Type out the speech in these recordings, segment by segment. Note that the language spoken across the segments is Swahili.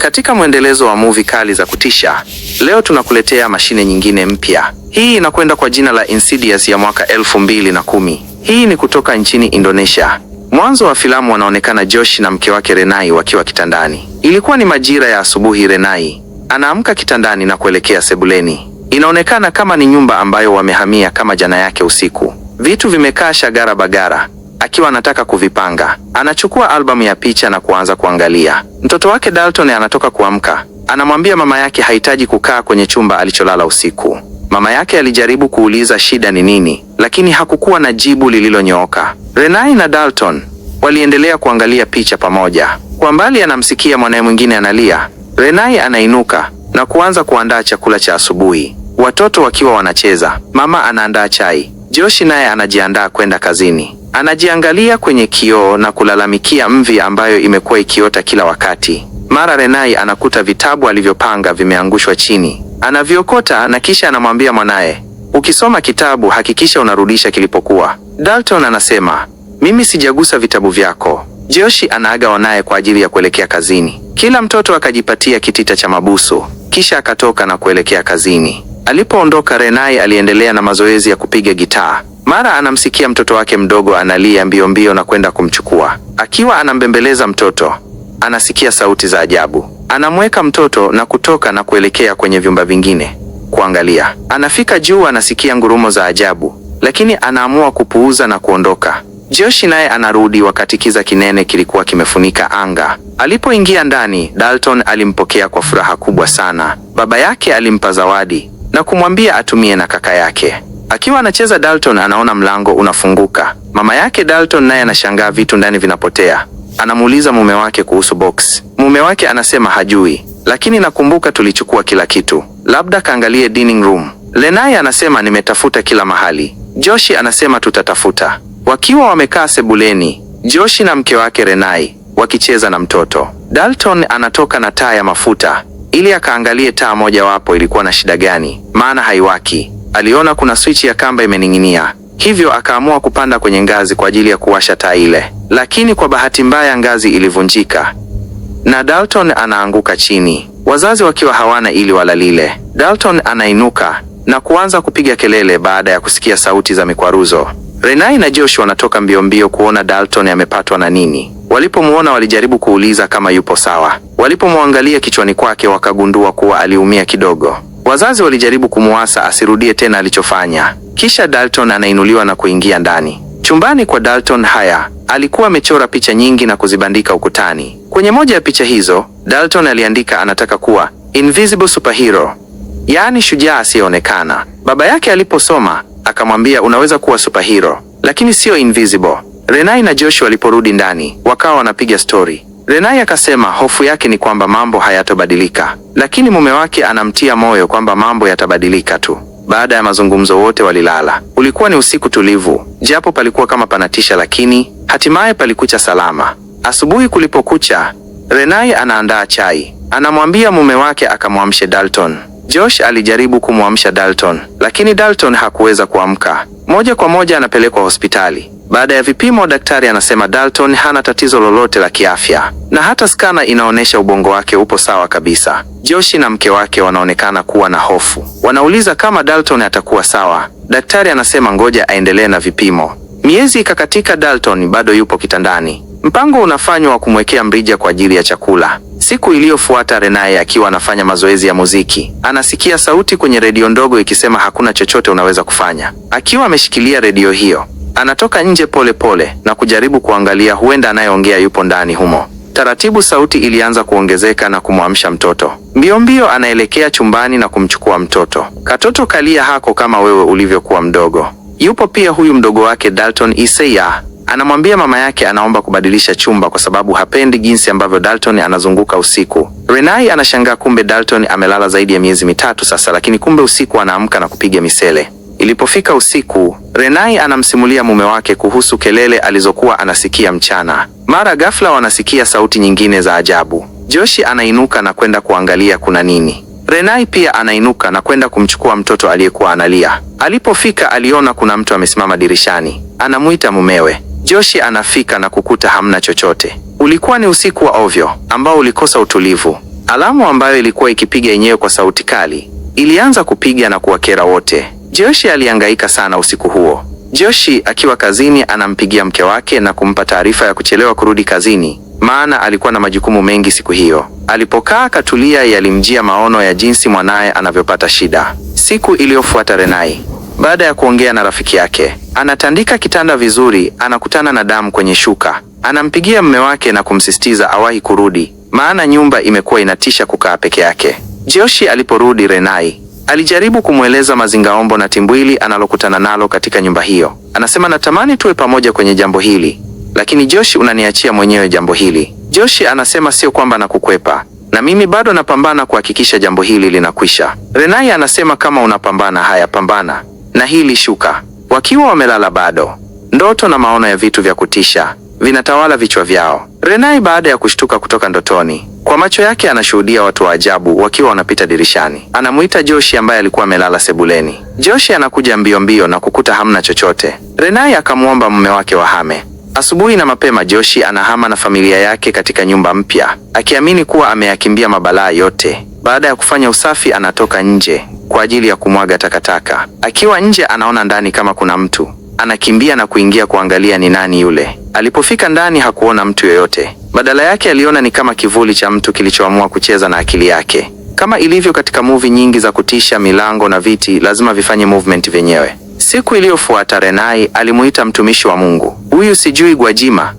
Katika mwendelezo wa muvi kali za kutisha, leo tunakuletea mashine nyingine mpya. Hii inakwenda kwa jina la Insidious ya mwaka elfu mbili na kumi. Hii ni kutoka nchini Indonesia. Mwanzo wa filamu wanaonekana Josh na mke wake Renai wakiwa kitandani. Ilikuwa ni majira ya asubuhi. Renai anaamka kitandani na kuelekea sebuleni. Inaonekana kama ni nyumba ambayo wamehamia kama jana yake usiku. Vitu vimekaa shagara bagara akiwa anataka kuvipanga. Anachukua albamu ya picha na kuanza kuangalia. Mtoto wake Dalton anatoka kuamka, anamwambia mama yake hahitaji kukaa kwenye chumba alicholala usiku. Mama yake alijaribu kuuliza shida ni nini, lakini hakukuwa na jibu lililonyooka. Renai na Dalton waliendelea kuangalia picha pamoja. Kwa mbali anamsikia mwanaye mwingine analia. Renai anainuka na kuanza kuandaa chakula cha asubuhi, watoto wakiwa wanacheza. Mama anaandaa chai. Joshi naye anajiandaa kwenda kazini. Anajiangalia kwenye kioo na kulalamikia mvi ambayo imekuwa ikiota kila wakati. Mara Renai anakuta vitabu alivyopanga vimeangushwa chini. Anaviokota na kisha anamwambia mwanaye, ukisoma kitabu hakikisha unarudisha kilipokuwa. Dalton anasema, mimi sijagusa vitabu vyako. Joshi anaaga wanaye kwa ajili ya kuelekea kazini. Kila mtoto akajipatia kitita cha mabuso, kisha akatoka na kuelekea kazini. Alipoondoka, Renai aliendelea na mazoezi ya kupiga gitaa. Mara anamsikia mtoto wake mdogo analia mbio mbio na kwenda kumchukua. Akiwa anambembeleza mtoto, anasikia sauti za ajabu. Anamweka mtoto na kutoka na kuelekea kwenye vyumba vingine kuangalia. Anafika juu, anasikia ngurumo za ajabu, lakini anaamua kupuuza na kuondoka. Joshi naye anarudi wakati kiza kinene kilikuwa kimefunika anga. Alipoingia ndani, Dalton alimpokea kwa furaha kubwa sana. Baba yake alimpa zawadi na kumwambia atumie na kaka yake. Akiwa anacheza Dalton anaona mlango unafunguka. Mama yake Dalton naye anashangaa vitu ndani vinapotea. Anamuuliza mume wake kuhusu box. Mume wake anasema hajui, lakini nakumbuka tulichukua kila kitu, labda kaangalie dining room. Lenai anasema nimetafuta kila mahali. Joshi anasema tutatafuta. Wakiwa wamekaa sebuleni, Joshi na mke wake Renai wakicheza na mtoto, Dalton anatoka na taa ya mafuta ili akaangalie taa mojawapo ilikuwa na shida gani maana haiwaki. Aliona kuna swichi ya kamba imening'inia, hivyo akaamua kupanda kwenye ngazi kwa ajili ya kuwasha taa ile, lakini kwa bahati mbaya ngazi ilivunjika na Dalton anaanguka chini, wazazi wakiwa hawana ili walalile Dalton anainuka na kuanza kupiga kelele baada ya kusikia sauti za mikwaruzo. Renai na Josh wanatoka mbio mbio kuona Dalton amepatwa na nini. Walipomwona walijaribu kuuliza kama yupo sawa. Walipomwangalia kichwani kwake wakagundua kuwa aliumia kidogo. Wazazi walijaribu kumuasa asirudie tena alichofanya. Kisha Dalton anainuliwa na kuingia ndani. Chumbani kwa Dalton haya alikuwa amechora picha nyingi na kuzibandika ukutani. Kwenye moja ya picha hizo, Dalton aliandika anataka kuwa invisible superhero, yaani shujaa asiyeonekana. Baba yake aliposoma akamwambia, unaweza kuwa superhero lakini sio invisible. Renai na Joshua waliporudi ndani, wakawa wanapiga stori. Renai akasema hofu yake ni kwamba mambo hayatobadilika, lakini mume wake anamtia moyo kwamba mambo yatabadilika tu. Baada ya mazungumzo wote walilala. Ulikuwa ni usiku tulivu, japo palikuwa kama panatisha, lakini hatimaye palikucha salama. Asubuhi kulipokucha, Renai anaandaa chai, anamwambia mume wake akamwamshe Dalton. Josh alijaribu kumwamsha Dalton, lakini Dalton hakuweza kuamka. Moja kwa moja anapelekwa hospitali. Baada ya vipimo, daktari anasema Dalton hana tatizo lolote la kiafya na hata skana inaonyesha ubongo wake upo sawa kabisa. Joshi na mke wake wanaonekana kuwa na hofu, wanauliza kama Dalton atakuwa sawa. Daktari anasema ngoja aendelee na vipimo. Miezi ikakatika, Dalton bado yupo kitandani. Mpango unafanywa wa kumwekea mrija kwa ajili ya chakula. Siku iliyofuata Renae akiwa anafanya mazoezi ya muziki, anasikia sauti kwenye redio ndogo ikisema hakuna chochote unaweza kufanya. Akiwa ameshikilia redio hiyo Anatoka nje polepole pole, na kujaribu kuangalia huenda anayeongea yupo ndani humo. Taratibu sauti ilianza kuongezeka na kumwamsha mtoto. Mbio mbio anaelekea chumbani na kumchukua mtoto. Katoto kalia hako kama wewe ulivyokuwa mdogo. Yupo pia huyu mdogo wake Dalton Iseya. Anamwambia mama yake anaomba kubadilisha chumba kwa sababu hapendi jinsi ambavyo Dalton anazunguka usiku. Renai anashangaa kumbe Dalton amelala zaidi ya miezi mitatu sasa, lakini kumbe usiku anaamka na kupiga misele. Ilipofika usiku, Renai anamsimulia mume wake kuhusu kelele alizokuwa anasikia mchana. Mara ghafla wanasikia sauti nyingine za ajabu. Joshi anainuka na kwenda kuangalia kuna nini. Renai pia anainuka na kwenda kumchukua mtoto aliyekuwa analia. Alipofika aliona kuna mtu amesimama dirishani. Anamuita mumewe. Joshi anafika na kukuta hamna chochote. Ulikuwa ni usiku wa ovyo ambao ulikosa utulivu. Alamu ambayo ilikuwa ikipiga yenyewe kwa sauti kali ilianza kupiga na kuwakera wote. Joshi alihangaika sana usiku huo. Joshi akiwa kazini anampigia mke wake na kumpa taarifa ya kuchelewa kurudi kazini, maana alikuwa na majukumu mengi siku hiyo. Alipokaa katulia, yalimjia maono ya jinsi mwanaye anavyopata shida. Siku iliyofuata Renai, baada ya kuongea na rafiki yake, anatandika kitanda vizuri, anakutana na damu kwenye shuka. Anampigia mme wake na kumsisitiza awahi kurudi, maana nyumba imekuwa inatisha kukaa peke yake. Joshi aliporudi Renai Alijaribu kumweleza Mazingaombo na Timbwili analokutana nalo katika nyumba hiyo. Anasema, natamani tuwe pamoja kwenye jambo hili, lakini Joshi, unaniachia mwenyewe jambo hili. Joshi anasema, sio kwamba nakukwepa, na mimi bado napambana kuhakikisha jambo hili linakwisha. Renai anasema, kama unapambana, haya pambana na hili shuka. Wakiwa wamelala bado, ndoto na maono ya vitu vya kutisha vinatawala vichwa vyao. Renai baada ya kushtuka kutoka ndotoni kwa macho yake anashuhudia watu wa ajabu wakiwa wanapita dirishani. Anamuita Joshi ambaye alikuwa amelala sebuleni. Joshi anakuja mbio mbio na kukuta hamna chochote. Renai akamwomba mume wake wahame. Asubuhi na mapema Joshi anahama na familia yake katika nyumba mpya, akiamini kuwa ameyakimbia mabalaa yote. Baada ya kufanya usafi, anatoka nje kwa ajili ya kumwaga takataka. Akiwa nje, anaona ndani kama kuna mtu anakimbia na kuingia kuangalia ni nani yule. Alipofika ndani hakuona mtu yoyote, badala yake aliona ni kama kivuli cha mtu kilichoamua kucheza na akili yake. Kama ilivyo katika muvi nyingi za kutisha, milango na viti lazima vifanye movement vyenyewe. Siku iliyofuata Renai alimuita mtumishi wa Mungu. Huyu sijui Gwajima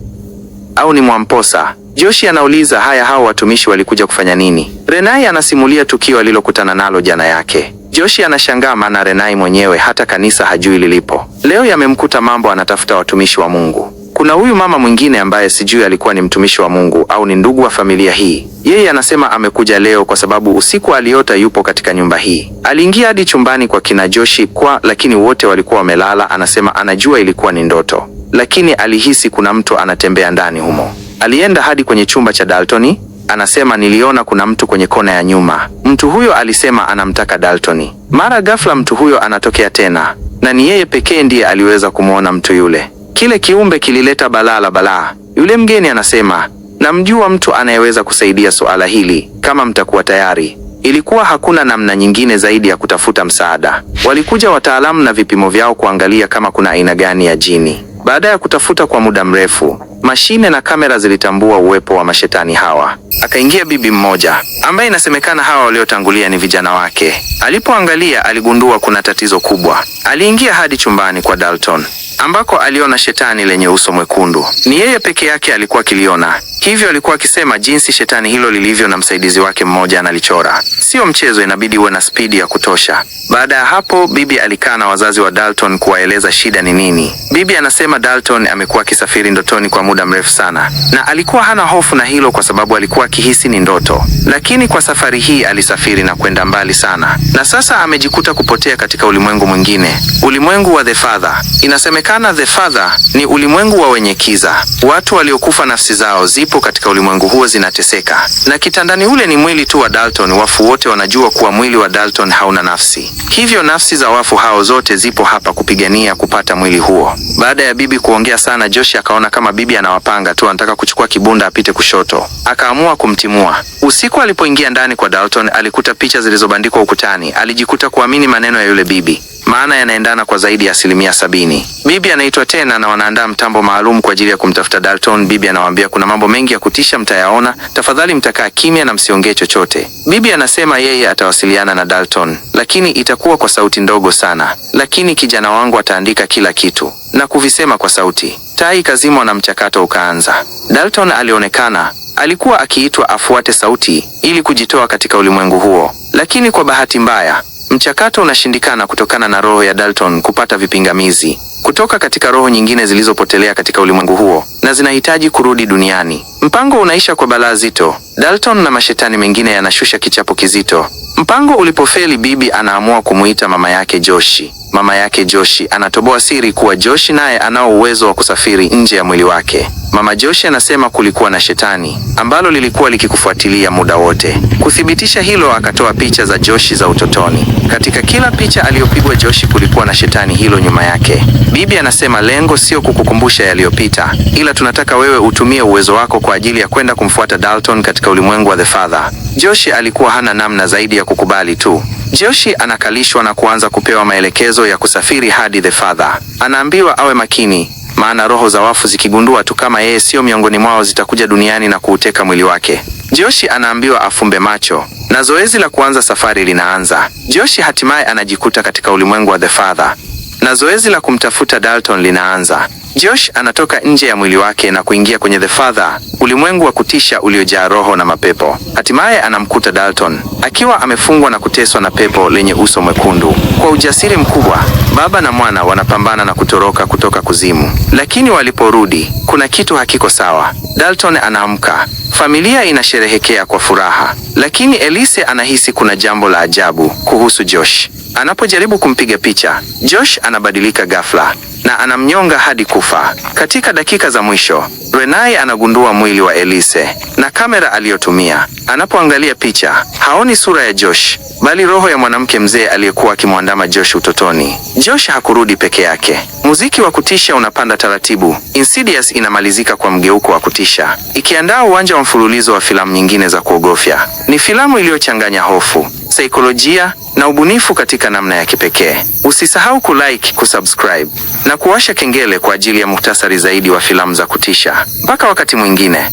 au ni Mwamposa. Joshi anauliza haya, hao watumishi walikuja kufanya nini? Renai anasimulia tukio alilokutana nalo jana yake. Joshi anashangaa maana Renai mwenyewe hata kanisa hajui lilipo. Leo yamemkuta mambo, anatafuta watumishi wa Mungu. Kuna huyu mama mwingine ambaye sijui alikuwa ni mtumishi wa Mungu au ni ndugu wa familia hii. Yeye anasema amekuja leo kwa sababu usiku aliota yupo katika nyumba hii. Aliingia hadi chumbani kwa kina Joshi kwa, lakini wote walikuwa wamelala. Anasema anajua ilikuwa ni ndoto, lakini alihisi kuna mtu anatembea ndani humo. Alienda hadi kwenye chumba cha Daltoni anasema niliona kuna mtu kwenye kona ya nyuma. Mtu huyo alisema anamtaka Dalton. Mara ghafla mtu huyo anatokea tena, na ni yeye pekee ndiye aliweza kumwona mtu yule. Kile kiumbe kilileta balaa la balaa. Yule mgeni anasema, namjua mtu anayeweza kusaidia suala hili kama mtakuwa tayari. Ilikuwa hakuna namna nyingine zaidi ya kutafuta msaada. Walikuja wataalamu na vipimo vyao kuangalia kama kuna aina gani ya jini. Baada ya kutafuta kwa muda mrefu Mashine na kamera zilitambua uwepo wa mashetani hawa. Akaingia bibi mmoja ambaye inasemekana hawa waliotangulia ni vijana wake. Alipoangalia aligundua kuna tatizo kubwa. Aliingia hadi chumbani kwa Dalton ambako aliona shetani lenye uso mwekundu. Ni yeye peke yake alikuwa akiliona, hivyo alikuwa akisema jinsi shetani hilo lilivyo, na msaidizi wake mmoja analichora. Sio mchezo, inabidi uwe na spidi ya kutosha. Baada ya hapo, bibi alikaa na wazazi wa Dalton kuwaeleza shida ni nini. Bibi anasema Dalton amekuwa akisafiri ndotoni kwa muda mrefu sana, na alikuwa hana hofu na hilo kwa sababu alikuwa akihisi ni ndoto, lakini kwa safari hii alisafiri na kwenda mbali sana, na sasa amejikuta kupotea katika ulimwengu mwingine, ulimwengu wa The Father. Inasemekana inasemekana the Father ni ulimwengu wa wenye kiza. Watu waliokufa nafsi zao zipo katika ulimwengu huo zinateseka, na kitandani ule ni mwili tu wa Dalton. Wafu wote wanajua kuwa mwili wa Dalton hauna nafsi, hivyo nafsi za wafu hao zote zipo hapa kupigania kupata mwili huo. Baada ya bibi kuongea sana, Joshi akaona kama bibi anawapanga tu, anataka kuchukua kibunda apite kushoto, akaamua kumtimua. Usiku alipoingia ndani kwa Dalton, alikuta picha zilizobandikwa ukutani. Alijikuta kuamini maneno ya yule bibi, maana yanaendana kwa zaidi ya asilimia sabini. Bibi anaitwa tena na wanaandaa mtambo maalum kwa ajili ya kumtafuta Dalton. Bibi anawaambia kuna mambo mengi ya kutisha mtayaona, tafadhali mtakaa kimya na msiongee chochote. Bibi anasema yeye atawasiliana na Dalton, lakini itakuwa kwa sauti ndogo sana, lakini kijana wangu ataandika kila kitu na hakuvisema kwa sauti. Taa ikazimwa na mchakato ukaanza. Dalton alionekana alikuwa akiitwa afuate sauti ili kujitoa katika ulimwengu huo, lakini kwa bahati mbaya mchakato unashindikana kutokana na roho ya Dalton kupata vipingamizi kutoka katika roho nyingine zilizopotelea katika ulimwengu huo na zinahitaji kurudi duniani. Mpango unaisha kwa balaa zito. Dalton na mashetani mengine yanashusha kichapo kizito. Mpango ulipofeli, bibi anaamua kumuita mama yake Joshi mama yake Joshi anatoboa siri kuwa Joshi naye anao uwezo wa kusafiri nje ya mwili wake. Mama Joshi anasema kulikuwa na shetani ambalo lilikuwa likikufuatilia muda wote. Kuthibitisha hilo, akatoa picha za Joshi za utotoni. Katika kila picha aliyopigwa Joshi kulikuwa na shetani hilo nyuma yake. Bibi anasema lengo sio kukukumbusha yaliyopita, ila tunataka wewe utumie uwezo wako kwa ajili ya kwenda kumfuata Dalton katika ulimwengu wa The Father. Joshi alikuwa hana namna zaidi ya kukubali tu. Joshi anakalishwa na kuanza kupewa maelekezo ya kusafiri hadi The Father. Anaambiwa awe makini, maana roho za wafu zikigundua tu kama yeye sio miongoni mwao zitakuja duniani na kuuteka mwili wake. Joshi anaambiwa afumbe macho na zoezi la kuanza safari linaanza. Joshi hatimaye anajikuta katika ulimwengu wa The Father na zoezi la kumtafuta Dalton linaanza. Josh anatoka nje ya mwili wake na kuingia kwenye The Father, ulimwengu wa kutisha uliojaa roho na mapepo. Hatimaye anamkuta Dalton akiwa amefungwa na kuteswa na pepo lenye uso mwekundu. Kwa ujasiri mkubwa, baba na mwana wanapambana na kutoroka kutoka kuzimu, lakini waliporudi, kuna kitu hakiko sawa. Dalton anaamka, familia inasherehekea kwa furaha, lakini Elise anahisi kuna jambo la ajabu kuhusu Josh. Anapojaribu kumpiga picha, Josh anabadilika ghafla na anamnyonga hadi kufa kufa. Katika dakika za mwisho, Renai anagundua mwili wa Elise na kamera aliyotumia. Anapoangalia picha, haoni sura ya Josh, bali roho ya mwanamke mzee aliyekuwa akimwandama Josh utotoni. Josh hakurudi peke yake. Muziki wa kutisha unapanda taratibu. Insidious inamalizika kwa mgeuko wa kutisha, ikiandaa uwanja wa mfululizo wa filamu nyingine za kuogofya. Ni filamu iliyochanganya hofu, saikolojia na ubunifu katika namna ya kipekee. Usisahau kulike, kusubscribe na kuwasha kengele kwa ajili ya muhtasari zaidi wa filamu za kutisha. Mpaka wakati mwingine.